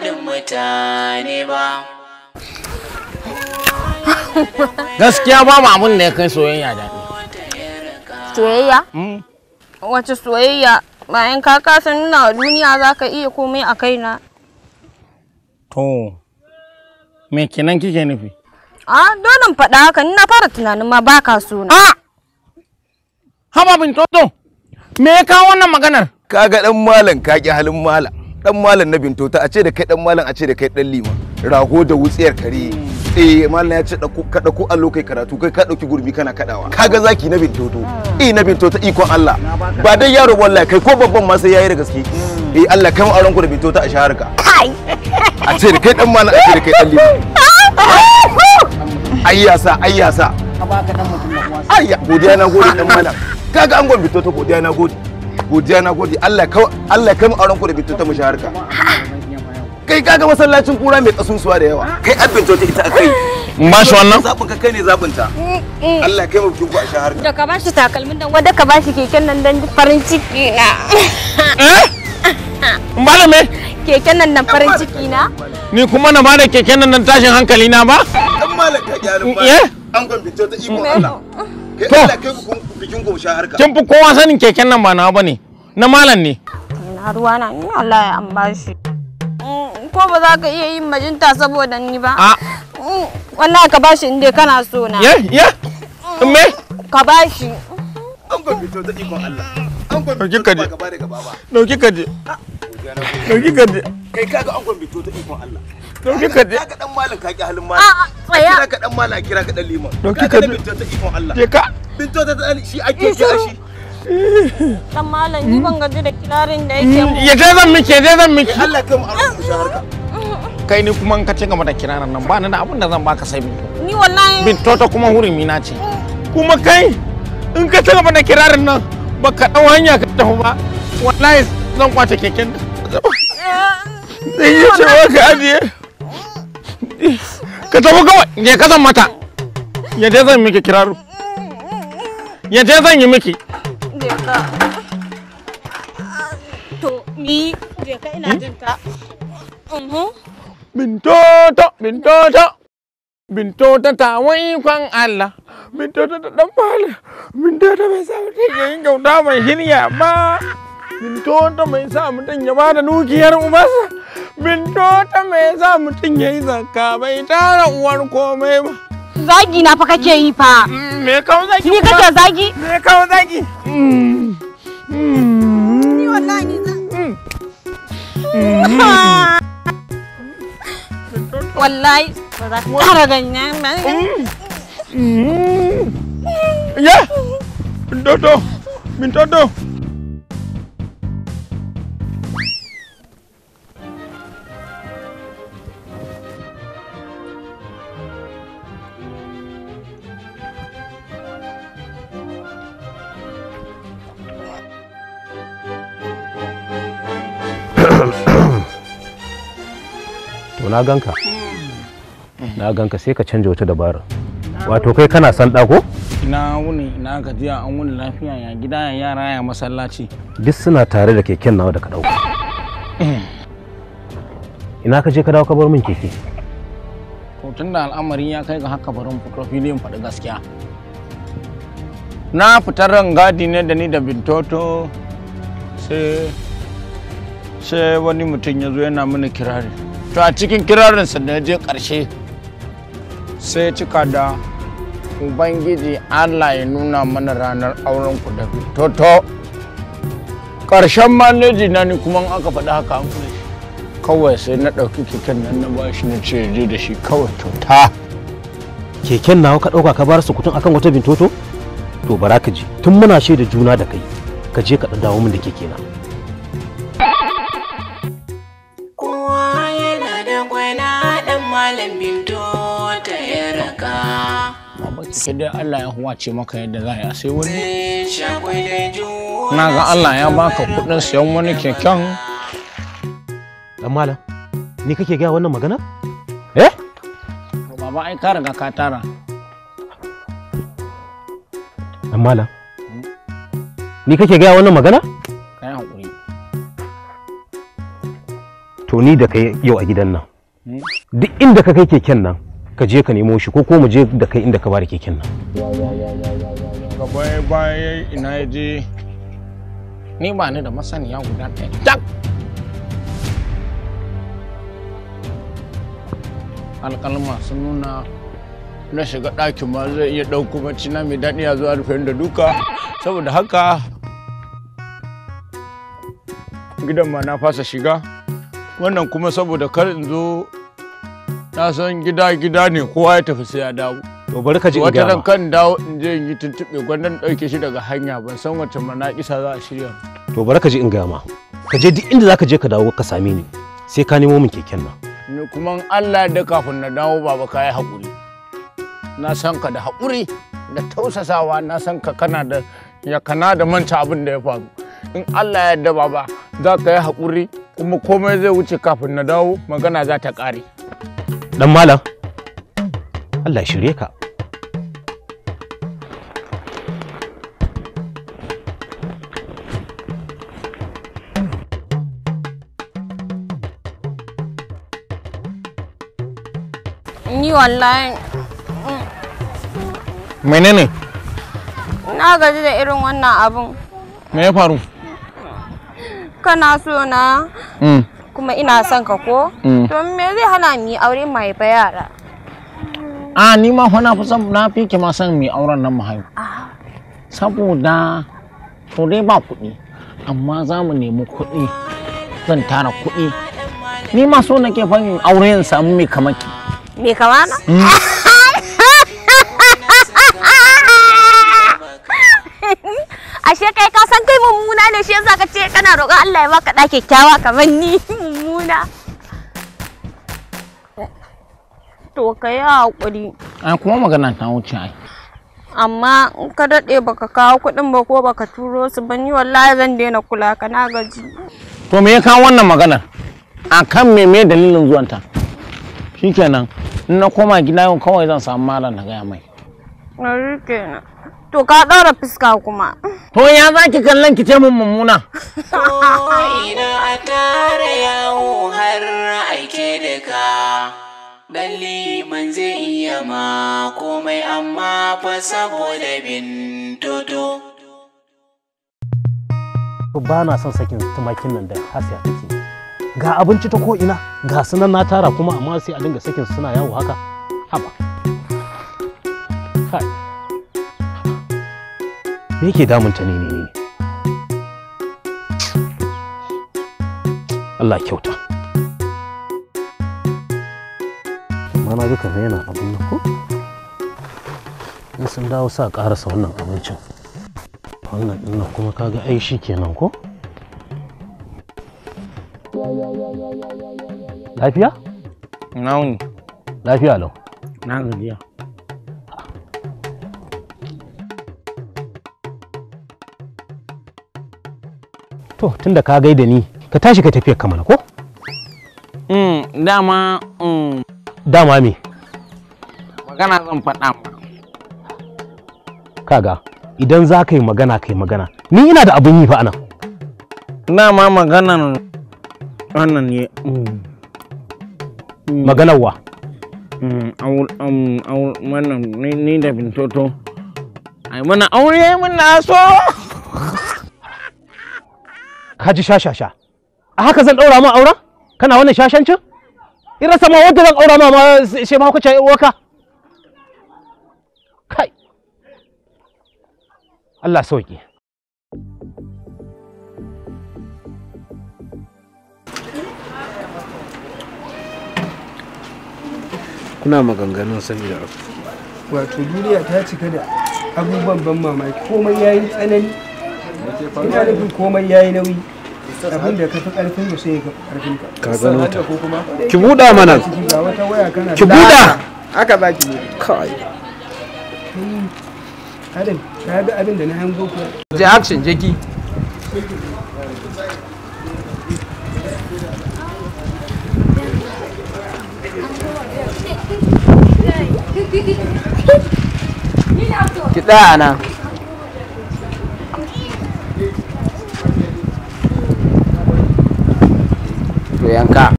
faɗin mutane ba. Gaskiya babu abin da ya kai soyayya daɗi. Soyayya? Hmm? Wace soyayya? Bayan ka kasa nuna wa duniya za ka iya komai a kaina. To, me kenan kike nufi? A dole faɗa haka nuna fara tunanin ma ba ka so na. Haba bin toto, me ya kawo wannan maganar? Ka ga ɗan malam ka ƙi halin malam. dan malam na bintota a ce da kai dan malam a ce da kai dan lima rago da wutsiyar kare eh malam ya ce ka dauko allo kai karatu kai ka dauki gurbi kana kadawa kaga zaki na bintoto eh na bintota ikon Allah ba dai yaro wallahi kai ko babban ma sai yayi da gaske eh Allah kai auren ku da bintota a shaharka ka a ce da kai dan malam a ce da kai dan lima ayyasa ayyasa ka baka dan mutum na godiya na gode dan malam kaga an gwambi to godiya na gode godiya na gode Allah ka Allah ka mu auren ku da bitu ta mushaharka kai kaga masallacin kura mai kasusuwa da yawa kai abin ta ita akai ba shi wannan zabin ka kai ne zabin ta Allah kai mu bikin ku a shaharka da ka bashi takalmin dan wanda ka bashi keken nan dan farin ciki na eh? malame keken nan nan farin ciki na ni kuma na bada keken nan nan tashin hankali na ba dan malaka gyarin eh? ba an gwamnati ta iko Allah kai Allah kai ku kin gumsha harka fi kowa sanin keken nan ba na bane na malam ne na ruwa na ni Allah ya ambashi mm, ko ba za ka iya yin majinta saboda ni ba a ah. mm, wannan ka bashi inda kana so na ye ye mm, me ka bashi an gobe fito da ikon Allah an gobe to da gaba ba dauki kaje dauki ah. kaje kai kaga an gobe to da ikon Allah dauki ka je dan malam ka ki halin malam a ah, tsaya ka dan malam kira ka dan liman dauki ka ta ikon Allah ka Binto ta tsani shi ake kira shi. Dan malam ni ban gaji da kirarin da yake mm, mu. Ya dai zan miki, dai zan miki. Allah kai mu arzu shaharka. Kai ni kuma in ka ce game da kirarin nan ba ni da abin da zan baka sai Binto. Ni wallahi. Binto ta kuma hurumi na ce. Kuma kai in ka ci gaba da kirarin nan baka dau hanya ka tafi ba. Wallahi zan kwace keken. Zai yi cewa ka ajiye. Ka tafi kawai, je ka zan mata. Ya dai zan miki kirarin. ya je zan yi miki to ni je ka ina hmm? jinta ta bintoto bintoto bintoto ta wai kwan Allah bintoto ta dan mala bintoto mai sa mutum ya yi kyauta mai hilya ba bintoto mai sa mutum ya ba da dukiyar umarsa bintoto mai sa mutum ya yi zakka bai tara uwar komai ba Zagi na fa kake yi fa. Me kawo zagi? Ni kake zagi? Me kawo zagi? Ni wallahi ni Wallahi ba za ka ganin ganyen ba. Mm. Mm. Ye! Dodo! Min dodo! to na ganka mm. na ganka sai ka canja wata dabara wato kai kana san ɗako? ina wuni ina gajiya an wuni lafiya ya gida ya yara ya masallaci duk suna tare da keken nawa da ka ɗauka eh. ina ka je ka dawo ka bar min keke to tunda al'amarin ya kai ga haka barin fito filin faɗi gaskiya na fitar gadi ne da ni da bintoto sai sai wani mutum ya zo yana mini kirari to a cikin kirarinsa da je karshe sai cika da ubangiji allah ya nuna mana ranar auren ku da toto ƙarshen maneji na ni kuma aka faɗi haka an kula kawai sai na ɗauki keken nan na bashi na ce je da shi kawai kyauta tota. keken nawa ka ɗauka ka bar su kutun akan wata bintoto to bara ka ji tun muna shaida juna da kai ka je ka dawo min da keke na malam cikin dai Allah ya huwace maka yadda za a sai wani na ga Allah ya baka kudin siyan wani keken dan malam ni eh? ka riga gaya wannan magana kai hakuri to ni da kai yau a gidan nan duk inda ka kai keken nan ka je ka nemo shi ko ko mu je da kai inda ka bada keken nan ka baya baya ina ya je ni ba ni da masaniya guda ɗaya tak alƙalma sun nuna na shiga ɗakin ma zai iya ɗauko bacci na mai daɗi a zuwa rufe da duka saboda haka gidan ma na fasa shiga wannan kuma saboda kar in zo na san gida gida ne kowa ya tafi sai ya dawo to bari ka ji in wata kan dawo in je in yi tuntube gwandan dauke shi daga hanya ban san wace manakisa za a shirya to bari ka ji in gaya ma ka je duk inda zaka je ka dawo ka same ni sai ka nemo min keken nan ni kuma Allah da kafin na dawo baba kai hakuri na san ka da hakuri da tausasawa na san ka kana da ya kana da manta abin da ya faru in Allah ya yarda baba za ka yi hakuri kuma komai zai wuce kafin na dawo magana za ta ƙare. Dan malam, Allah shirye ka. Ni wallahi. Menene? Na gaji da irin wannan abun. Me ya faru? Kana so na Mm. kuma ina son ka ko mm. to me zai hana mu yi aure mu haifa yara a ah, ni ma fa na na fi ki ma son mu auren nan mu saboda to dai ba kuɗi amma za mu nemi kuɗi zan tara kuɗi ni ma so nake fa aure in samu mai kamaki mai kamana mm. ashe kai ka san kai mummuna ne shi yasa ka ce kana roƙon Allah ya baka ɗaki kyakkyawa kamar ni mummuna to ka yi haƙuri ai kuma magana ta wuce ai amma in ka daɗe baka kawo kuɗin ba ko baka turo su ban yi wallahi zan daina kula ka na gaji to me ya kawo wannan maganar a kan me me dalilin zuwanta shikenan in na koma gida yau kawai zan samu malam na gaya mai na kenan To ka ɗora fuska kuma. To ya za ki kallon ki ce mun mummuna. Ina a tare yawo har aike da ka. Dalli man zai iya ma komai amma fa saboda bin toto. Ba na son sakin tumakin nan da hasiya take. Ga abinci ta ko'ina, ga sunan na tara kuma amma sai a dinga sakin suna yawo haka. Haba. Kai. me yake ta ne ne Allah kyauta amma na ga kamar yana abin nan ko in sun dawo sa karasa wannan abincin wannan dinnan kuma kaga ai shi kenan ko lafiya? na wuni lafiya lau na gajiya to tunda ka gaida ni ka tashi ka tafiya kamar ko mm dama mm dama me magana zan faɗa ma kaga idan za ka yi magana ka yi magana ni ina da abin yi fa anan na ma maganan anan ne mm. Mm. maganar wa mm, wannan ni da bintoto ai mana aure na so ka ji shashasha a haka zan ɗaura ma aura kana wannan shashancin in rasa ma wanda zan aura ma ma sai ma kuka waka kai Allah sauki kuna maganganun saboda abu wato duniya ta cika da abubuwan ban mamaki komai yayi tsanani ina nufin komai yayi nauyi abin da ka fi karfin mu sai ka ka gano ta ki buda mana ki buda haka ki kai hmm. adam ka ga abin da na hango ku je action je ki ki tsaya nan vean acá.